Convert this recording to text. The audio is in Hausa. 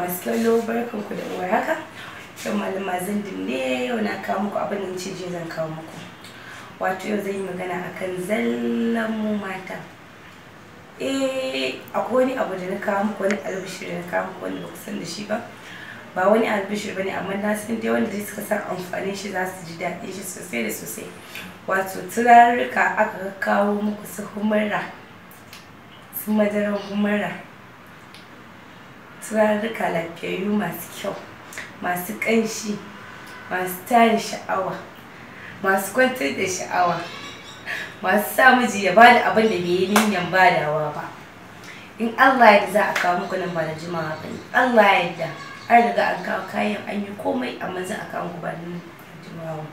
masu kallo barkan ku da warhaka yau malama zindin yau na kawo muku abin da ce je zan kawo muku wato yau zan yi magana akan zallan mu mata eh akwai wani abu da na kawo muku wani albishir na kawo muku ba san da shi ba ba wani albishir bane amma na san dai wanda zai suka san amfanin shi za su ji daɗin shi sosai da sosai wato turarruka aka kawo muku su humura su madaran turarruka lafiyayyu masu kyau masu ƙanshi masu tare sha'awa masu kwantar da sha'awa masu sa miji ya da abin da bai yi niyyar badawa ba in Allah yadda za a kawo muku nan ba da jimawa ba in Allah yadda an riga an kawo kayan an yi komai amma za a kawo muku ba da jimawa